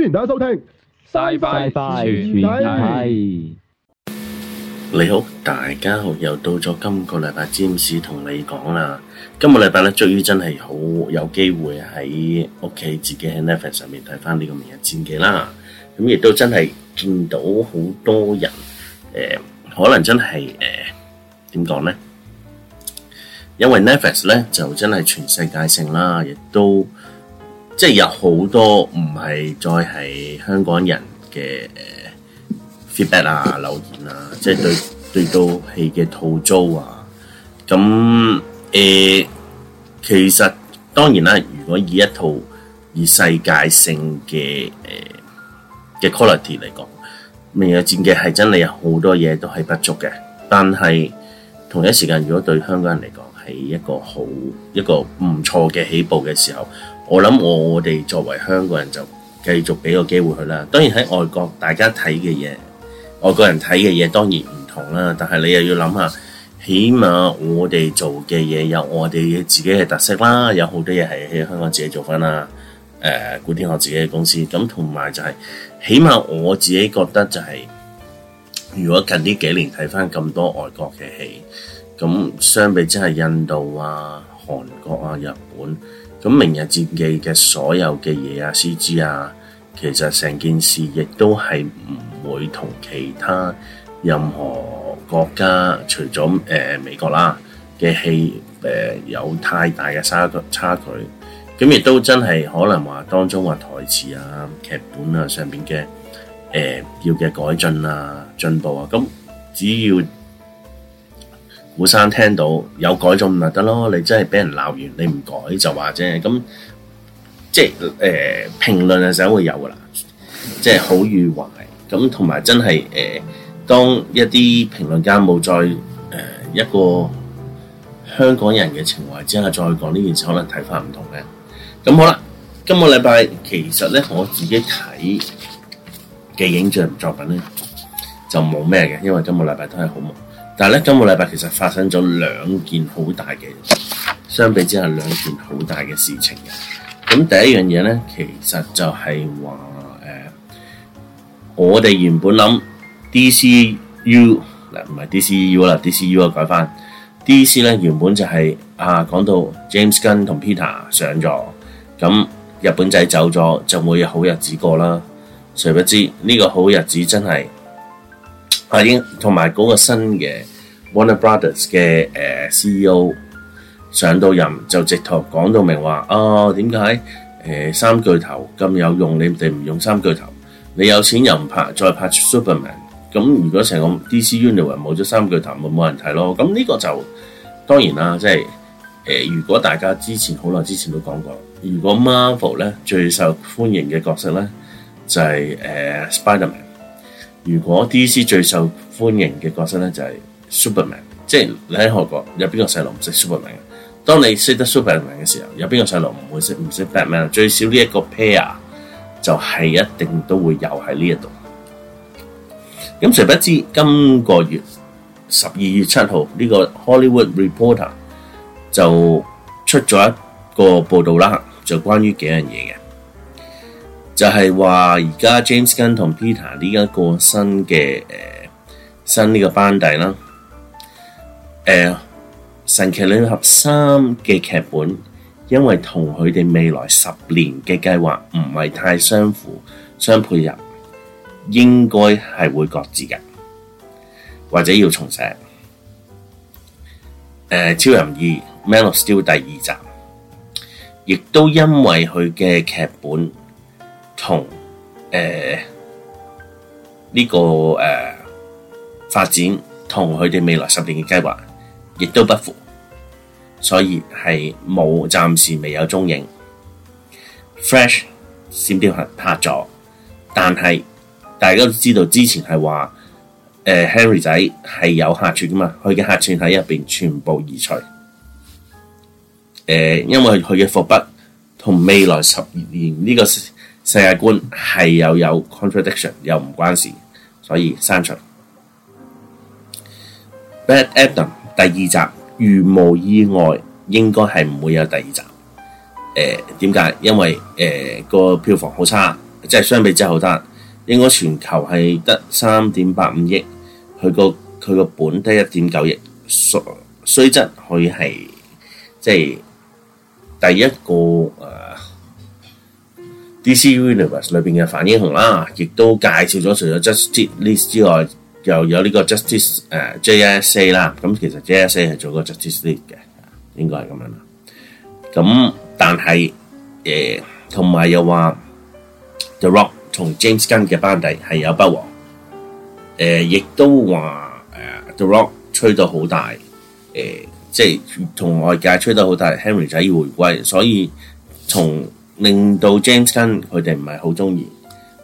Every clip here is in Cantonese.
歡迎大家收聽，拜拜拜拜，你好，大家好，又到咗今個禮拜，James 同你講啦。今個禮拜咧，終於真係好有機會喺屋企自己喺 Netflix 上面睇翻呢個明日戰記啦。咁亦都真係見到好多人，誒，可能真係誒，點講咧？因為 Netflix 咧就真係全世界性啦，亦都。即係有好多唔係再係香港人嘅 feedback 啊、留言啊，即係對對到戲嘅吐槽啊。咁誒、呃，其實當然啦，如果以一套以世界性嘅嘅、呃、quality 嚟講，《明日戰記》係真係有好多嘢都係不足嘅。但係同一時間，如果對香港人嚟講係一個好一個唔錯嘅起步嘅時候。我諗我我哋作為香港人就繼續俾個機會佢啦。當然喺外國大家睇嘅嘢，外國人睇嘅嘢當然唔同啦。但係你又要諗下，起碼我哋做嘅嘢有我哋自己嘅特色啦，有好多嘢係喺香港自己做翻啦，呃，古天樂自己嘅公司咁，同埋就係、是，起碼我自己覺得就係、是，如果近呢幾年睇翻咁多外國嘅戲，咁相比即係印度啊、韓國啊、日本。咁明日戰記嘅所有嘅嘢啊，CG 啊，其實成件事亦都係唔會同其他任何國家，除咗、呃、美國啦嘅戲、呃、有太大嘅差距差距。咁亦都真係可能話當中話台詞啊、劇本啊上面嘅要嘅改進啊、進步啊，咁只要。本身聽到有改咗，咪得咯！你真係俾人鬧完，你唔改就話啫。咁即係誒、呃、評論啊嘅時候會有噶啦，即係好與壞。咁同埋真係誒、呃，當一啲評論家冇再誒、呃、一個香港人嘅情懷之下，再講呢件事，可能睇法唔同嘅。咁好啦，今個禮拜其實咧，我自己睇嘅影像作品咧，就冇咩嘅，因為今個禮拜都係好忙。但係咧，今個禮拜其實發生咗兩件好大嘅，相比之下兩件好大嘅事情。咁第一樣嘢咧，其實就係話誒，我哋原本諗 DCU 嗱唔係 DCU 啦，DCU 啊改翻 DC 咧，原本就係、是、啊講到 James Gunn 同 Peter 上咗，咁日本仔走咗，就會有好日子過啦。誰不知呢，呢個好日子真係已經同埋嗰個新嘅。Warner Brothers 嘅、呃、CEO 上到任就直頭講到明話啊，哦、點解、呃、三巨頭咁有用？你哋唔用三巨頭，你有錢又唔拍再拍 Superman 咁？如果成個 DC Universe 冇咗三巨頭，咪冇人睇咯。咁呢個就當然啦，即係、呃、如果大家之前好耐之前都講過，如果 Marvel 咧最受歡迎嘅角色咧就係、是呃、Spiderman，如果 DC 最受歡迎嘅角色咧就係、是。Superman，即係你喺韓國有邊個細路唔識 Superman 嘅？當你識得 Superman 嘅時候，有邊個細路唔會識唔識 Batman？最少呢一個 pair 就係一定都會有喺呢一度。咁誰不知今個月十二月七號呢個 Hollywood Reporter 就出咗一個報導啦，就關於幾樣嘢嘅，就係話而家 James Gunn 同 Peter 呢一個新嘅誒新呢個班底啦。誒、呃，神奇女俠三嘅劇本，因為同佢哋未來十年嘅計劃唔係太相符，相配合，應該係會擱置嘅，或者要重寫。誒、呃，超人二 Man of Steel 第二集，亦都因為佢嘅劇本同誒呢個誒、呃、發展同佢哋未來十年嘅計劃。亦都不符，所以係冇暫時未有蹤影。Fresh 閃電俠拍咗，但係大家都知道之前係話，誒、呃、Henry 仔係有客串噶嘛，佢嘅客串喺入邊全部移除。誒、呃，因為佢嘅伏筆同未來十二年呢個世，世界觀係又有，有 contradiction，又唔關事，所以刪除。Bad Adam。第二集如無意外應該係唔會有第二集。誒，點解？因為誒、呃嗰個票房好差，即係相比之後好差。應該全球係得三點八五億，佢個佢個本得一點九億，雖雖則佢係即係第一個誒、uh, DC Universe 裏邊嘅反英雄啦，亦都介紹咗除咗 Just List 之外。又有呢個 justice 誒、uh, JSA 啦，咁其實 JSA 係做個 justice League 嘅，應該係咁樣啦。咁但係誒，同、呃、埋又話 The Rock 同 James Gunn 嘅班底係有不和，誒、呃、亦都話、呃、The Rock 吹到好大，誒即係同外界吹到好大，Henry 仔要回歸，所以從令到 James Gunn 佢哋唔係好中意。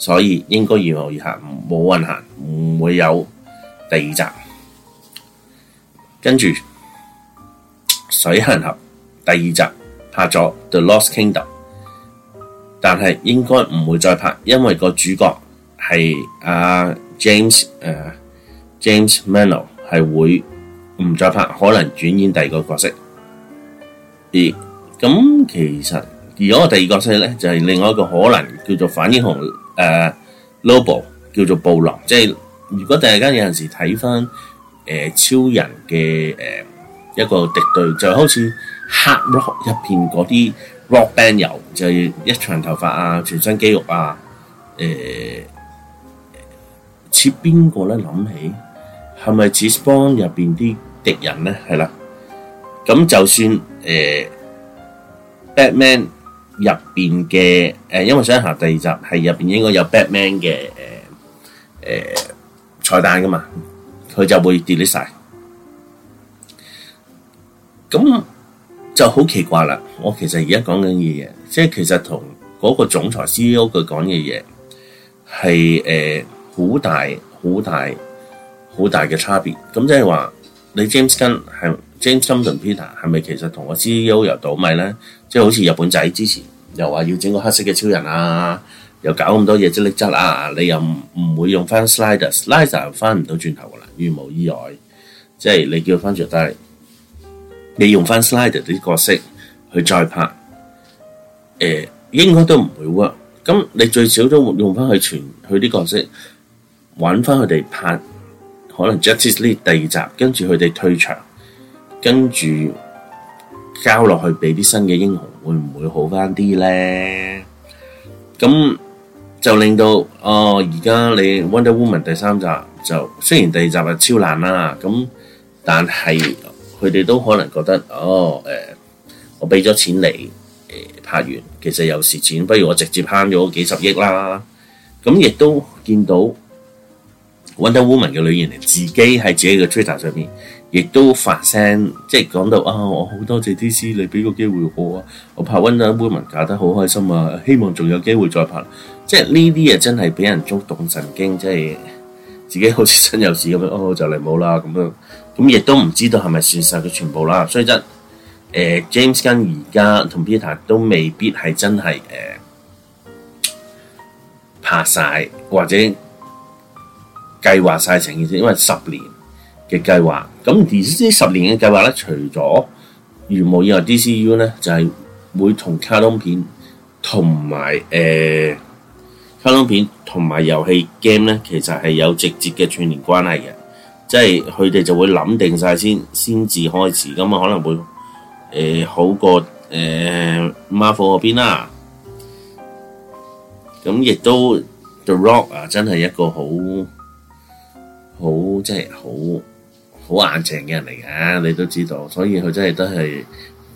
所以應該如何二合，冇運行，唔會有第二集。跟住《水行俠》第二集拍咗《The Lost Kingdom》，但係應該唔會再拍，因為個主角係阿、啊、James、啊、James Mano 係會唔再拍，可能轉演第二個角色。而咁其實而嗰個第二個角色咧，就係、是、另外一個可能叫做反英雄。誒、uh，Lobo 叫做暴龍，即係如果突然間有陣時睇翻誒超人嘅誒、呃、一個敵對，就好似黑 rock 入邊嗰啲 rock band 友，就係、是、一長頭髮啊，全身肌肉啊，誒似邊個咧？諗起係咪 Spawn 入邊啲敵人咧？係啦，咁就算誒、呃、Batman。入邊嘅，誒，因為想下第二集係入邊應該有 Batman 嘅誒誒、呃、彩蛋噶嘛，佢就會 delete 晒。咁就好奇怪啦！我其實而家講緊嘅嘢，即係其實同嗰個總裁 CEO 佢講嘅嘢係誒好大好大好大嘅差別。咁即係話你 James Gunn 係 James 同 Peter 係咪其實同個 CEO 又倒米咧？即係好似日本仔之前又話要整個黑色嘅超人啊，又搞咁多嘢即力質啊，你又唔唔會用翻 Snyder Snyder s s 翻唔到轉頭噶啦，如無意外，即係你叫翻着低，你用翻 Snyder 啲角色去再拍，誒、呃、應該都唔會 work。咁你最少都用翻佢全佢啲角色，揾翻佢哋拍，可能 Justice League 第二集跟住佢哋退場，跟住。跟交落去俾啲新嘅英雄，會唔會好翻啲咧？咁就令到哦，而家你 Wonder Woman 第三集就雖然第二集係超爛啦，咁但係佢哋都可能覺得哦，呃、我俾咗錢嚟、呃、拍完，其實有時錢，不如我直接慳咗幾十億啦。咁亦都見到 Wonder Woman 嘅女人自己喺自己嘅 Twitter 上面。亦都發聲，即係講到啊、哦！我好多謝 DC 你俾個機會我啊，我拍《Wonder Woman》搞得好開心啊！希望仲有機會再拍，即係呢啲啊真係俾人觸動神經，即係自己好似真有事咁樣哦就嚟冇啦咁樣，咁亦都唔知道係咪事實嘅全部啦。所以真誒 James Gunn 而家同 Peter 都未必係真係誒拍晒或者計劃晒成件事，因為十年。嘅計劃，咁 DC 十年嘅計劃咧，除咗漫畫以外，DCU 咧就係、是、會同卡通片同埋、呃、卡通片同埋遊戲 game 咧，其實係有直接嘅串聯關係嘅，即係佢哋就會諗定晒先，先至開始，咁啊可能會、呃、好過誒、呃、Marvel 嗰邊啦。咁亦都 The Rock 啊，真係一個好好即係好，好眼睛嘅人嚟嘅，你都知道，所以佢真係都係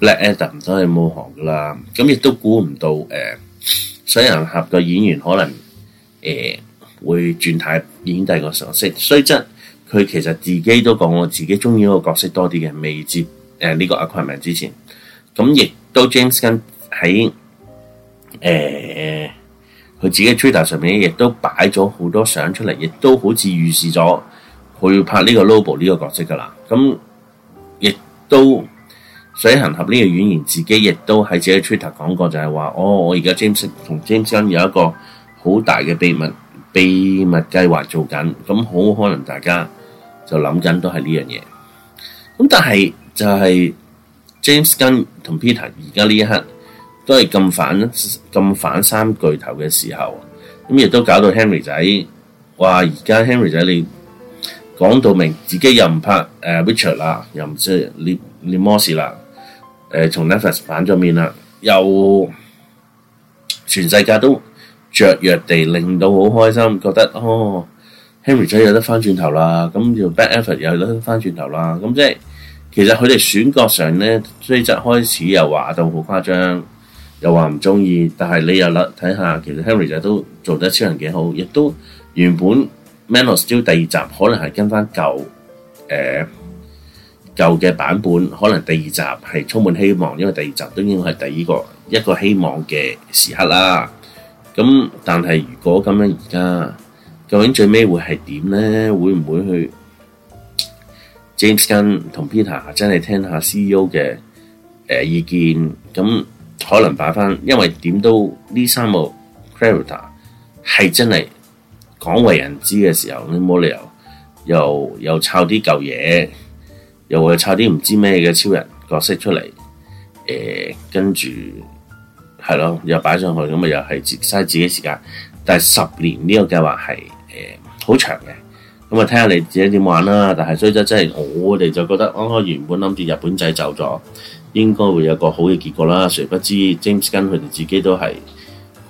black Adam 都係冇行噶啦。咁亦都估唔到，誒、呃，水行俠嘅演員可能誒、呃、會轉軚演第二個角色。雖則佢其實自己都講過，自己中意嗰個角色多啲嘅，未接誒呢個 Aquaman 之前。咁亦都 James Gunn 喺誒佢、呃、自己 Twitter 上面亦都擺咗好多相出嚟，亦都好似預示咗。去拍呢個 Lobo 呢個角色噶啦，咁亦都水行俠呢個演員自己亦都喺自己 Twitter 講過，就係話哦，我而家 James 同 James Gunn 有一個好大嘅秘密秘密計劃做緊，咁好可能大家就諗緊都係呢樣嘢。咁但係就係 James Gunn 同 Peter 而家呢一刻都係咁反咁反三巨頭嘅時候，咁亦都搞到 Henry 仔話而家 Henry 仔你。講到明，自己又唔拍誒、呃、Richard 啦，又唔識獵魔士啦，誒從 Netflix 反咗面啦，又全世界都雀躍地令到好開心，覺得哦 Henry 仔有得翻轉頭啦，咁條 Bad effort 又有得翻轉頭啦，咁即係其實佢哋選角上咧雖則開始又話到好誇張，又話唔中意，但係你又睇下，其實 Henry 仔都做得超人幾好，亦都原本。《Man of Steel》第二集可能係跟翻舊，呃、舊嘅版本，可能第二集係充滿希望，因為第二集都應該係第二個一個希望嘅時刻啦。咁但係如果咁樣而家究竟最尾會係點呢？會唔會去 James Gunn 同 Peter 真係聽下 CEO 嘅、呃、意見？咁可能擺翻，因為點都呢三個 character 係真係。廣為人知嘅時候，你冇理由又又抄啲舊嘢，又會抄啲唔知咩嘅超人角色出嚟，誒、呃，跟住係咯，又擺上去，咁啊又係節嘥自己時間。但係十年呢個計劃係誒好長嘅，咁啊聽下你自己點玩啦。但係所以就真係我哋就覺得，我、哦、原本諗住日本仔走咗，應該會有一個好嘅結果啦。誰不知 James Gunn 佢哋自己都係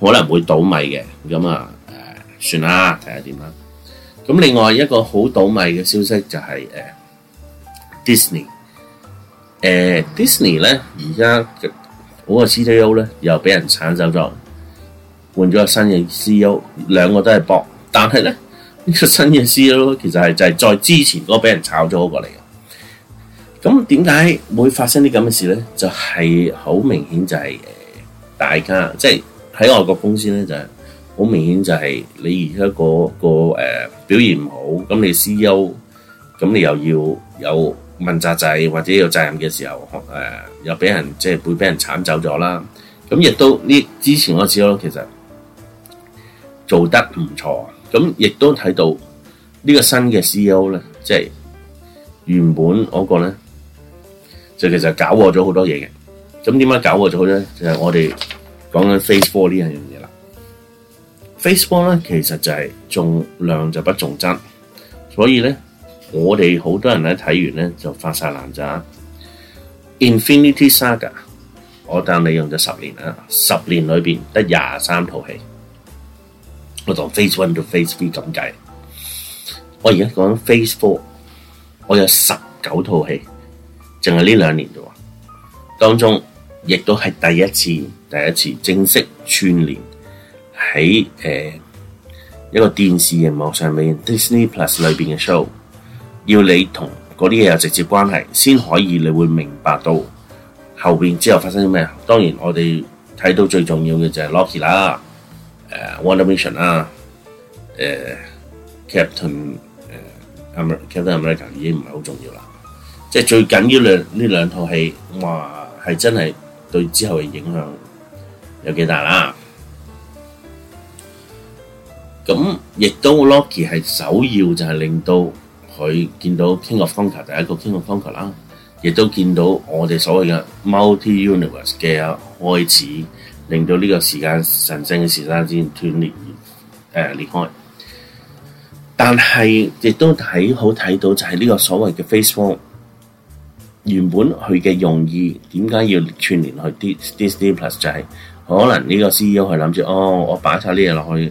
可能會倒米嘅，咁、嗯、啊。算啦，睇下點啦。咁另外一個好倒米嘅消息就係誒，Disney，誒，Disney 咧而家嗰個 C E O 咧又俾人鏟走咗，換咗個新嘅 C E O，兩個都係搏，但係咧呢、呢個新嘅 C E O 其實係就係、是、在、就是、之前嗰個俾人炒咗過嚟嘅。咁點解會發生啲咁嘅事咧？就係、是、好明顯就係誒，大家即係喺外國公司咧就是。好明顯就係你而家、那個個誒、呃、表現唔好，咁你 C.E.O. 咁你又要有問責制或者有責任嘅時候，誒、呃、又俾人即係會俾人斬走咗啦。咁亦都呢之前個 C.E.O. 其實做得唔錯，咁亦都睇到呢個新嘅 C.E.O. 咧，即、就、係、是、原本嗰個咧就其實搞錯咗好多嘢嘅。咁點解搞錯咗咧？就係、是、我哋講緊 Phase Four 呢樣嘢。Phase Four 咧，其實就係重量就不重質，所以咧，我哋好多人咧睇完咧就發曬爛渣。Infinity Saga，我當你用咗十年啦，十年裏邊得廿三套戲，我當 Phase One 到 Phase Three 咁計。我而家講 Phase Four，我有十九套戲，淨係呢兩年啫喎，當中亦都係第一次，第一次正式串聯。喺、呃、一個電視熒幕上面，Disney Plus 裏面嘅 show，要你同嗰啲嘢有直接關係，先可以你會明白到後面之後發生啲咩。當然我哋睇到最重要嘅就係 Loki 啦、uh,，WandaVision、uh, Captain 誒、uh, Captain America 已經唔係好重要啦。即係最緊要呢兩呢兩套戲，哇，係真係對之後嘅影響有幾大啦！咁亦都 Loki 係首要就係令到佢見到 Kang the Conqueror，第一個 Kang the Conqueror 啦，亦都見到我哋所謂嘅 Multi Universe 嘅開始，令到呢個時間神聖嘅時間先斷裂，誒、呃、裂開。但係亦都睇好睇到就係呢個所謂嘅 Facebook 原本佢嘅用意點解要串聯去 Disney Plus 就係、是、可能呢個 CEO 係諗住哦，我擺晒啲嘢落去。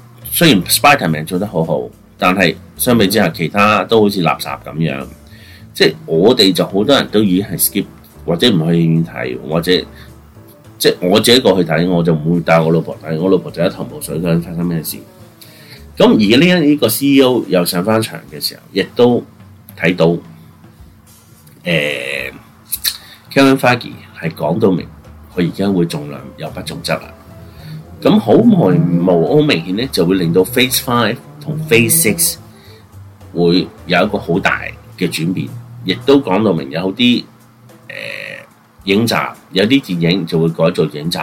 雖然 SpiderMan 做得好好，但係相比之下，其他都好似垃圾咁樣。即係我哋就好多人都已經係 skip，或者唔去影院睇，或者即係我自己過去睇，我就唔會帶我老婆睇。我老婆就一頭霧水，究竟發生咩事？咁而呢一呢個 CEO 又上翻場嘅時候，亦都睇到，誒、呃、Kevin Feige 係講到明，佢而家會重量又不重質啦。咁好冇好明顯咧，就會令到 Phase Five 同 Phase Six 會有一個好大嘅轉變，亦都講到明有啲誒、呃、影集，有啲電影就會改做影集，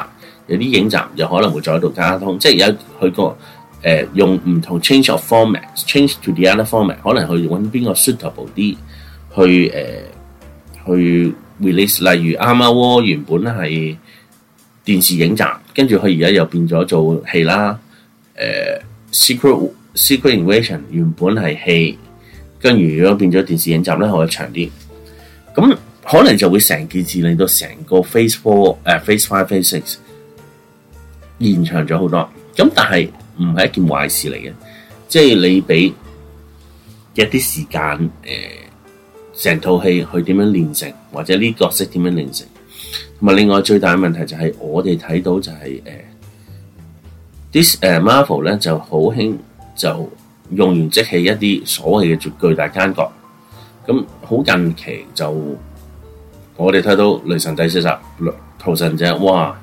有啲影集又可能會再喺度加通，即係有佢個誒用唔同 change of format，change to the other format，可能去揾邊個 suitable 啲去誒、呃、去 release，例如啱啱我原本咧係電視影集。跟住佢而家又變咗做戲啦，誒、呃，Secret Secret Invasion 原本係戲，跟住如果變咗電視影集咧，可以長啲，咁可能就會成件事令到成個 face four 誒 face five face six 延長咗好多。咁但係唔係一件壞事嚟嘅，即係你俾一啲時間誒，成套戲去點樣練成，或者呢角色點樣練成。同埋，另外最大嘅問題就係我哋睇到就係、是、誒、呃、this 誒、呃、Marvel 咧就好興就用完即棄一啲所謂嘅絕巨大奸角。咁好近期就我哋睇到《雷神》第四集，雷屠神者哇，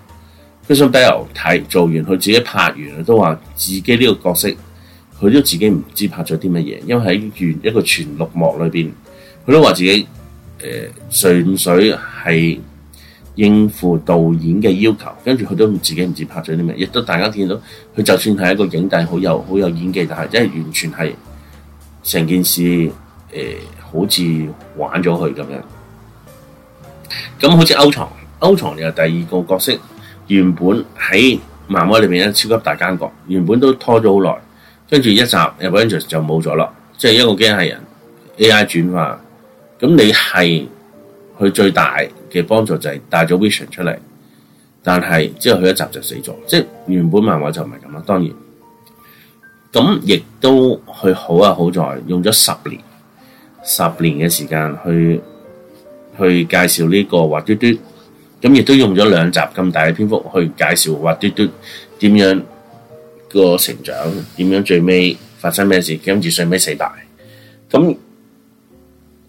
佢 Christian Bale 睇做完佢自己拍完都話自己呢個角色，佢都自己唔知拍咗啲乜嘢，因為喺完一個全綠幕裏邊，佢都話自己誒、呃、純粹係。應付導演嘅要求，跟住佢都唔自己唔知拍咗啲咩，亦都大家見到佢就算係一個影帝，好有好有演技，但係真係完全係成件事、呃、好似玩咗佢咁樣。咁好似歐床，歐床又第二個角色，原本喺漫畫裏面咧超級大奸角，原本都拖咗好耐，跟住一集《Avengers 》就冇咗啦，即係一個機械人 AI 轉化，咁你係佢最大。嘅幫助就係帶咗 Vision 出嚟，但係之後佢一集就死咗，即係原本漫畫就唔係咁啦。當然，咁亦都佢好啊，好在用咗十年十年嘅時間去去介紹呢個畫嘟嘟，咁亦都用咗兩集咁大嘅篇幅去介紹畫嘟嘟點樣個成長，點樣最尾發生咩事，跟住最尾死晒。咁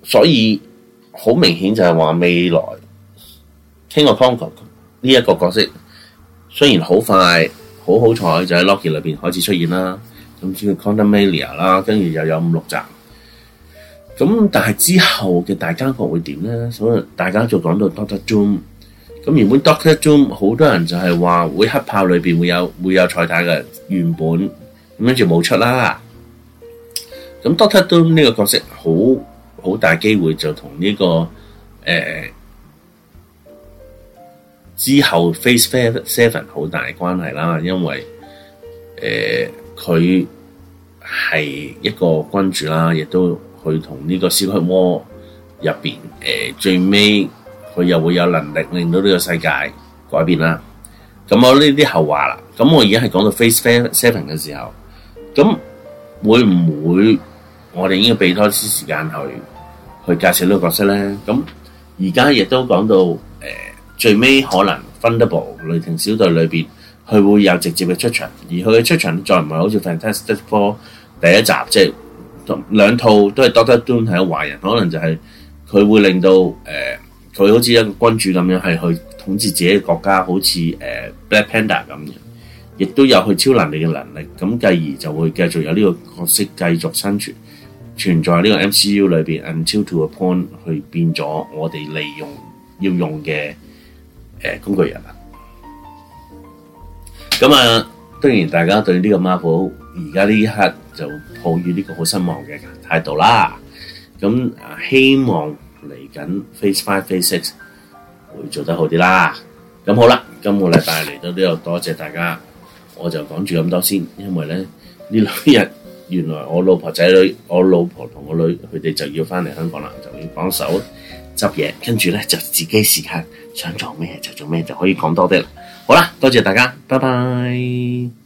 所以好明顯就係話未來。聽過康國呢一個角色，雖然好快，好好彩就喺 Loki 裏邊開始出現啦。咁之後 Condomelia 啦，跟住又有五六集。咁但係之後嘅大家角會點咧？所以大家就講到 Doctor Doom 咁原本 Doctor Doom 好多人就係話會黑炮裏邊會有會有彩蛋嘅，原本咁跟住冇出啦。咁 Doctor Doom 呢個角色好好大機會就同呢、這個誒。呃之後，Face Seven 好大關係啦，因為誒佢係一個君主啦，亦都佢同呢個 Secret War 入邊誒最尾佢又會有能力令到呢個世界改變啦。咁我呢啲後話啦，咁我而家係講到 Face Seven 嘅時候，咁會唔會我哋應該俾多啲時間去去介紹呢個角色咧？咁而家亦都講到。最尾可能分得部雷霆小隊裏面，佢會有直接嘅出場，而佢嘅出場再唔係好似 Fantastic Four 第一集，即係兩套都係 Doctor Doom 係壞人，可能就係佢會令到誒佢、呃、好似一個君主咁樣係去統治自己嘅國家，好似誒、呃、Black Panda 咁樣，亦都有佢超能力嘅能力，咁繼而就會繼續有呢個角色繼續生存存在呢個 MCU 裏面，until to a point 去變咗我哋利用要用嘅。誒、呃，工具人啦，咁啊，當然大家對呢個 Marvel 而家呢一刻就抱以呢個好失望嘅態度啦。咁希望嚟緊 Phase Five、Phase Six 會做得好啲啦。咁好啦，今個禮拜嚟到呢度，多謝大家，我就講住咁多先，因為咧呢兩日原來我老婆仔女，我老婆同我女佢哋就要翻嚟香港啦，就要幫手。執嘢，跟住呢，就自己時間想做咩就做咩，就可以講多啲啦。好啦，多謝大家，拜拜。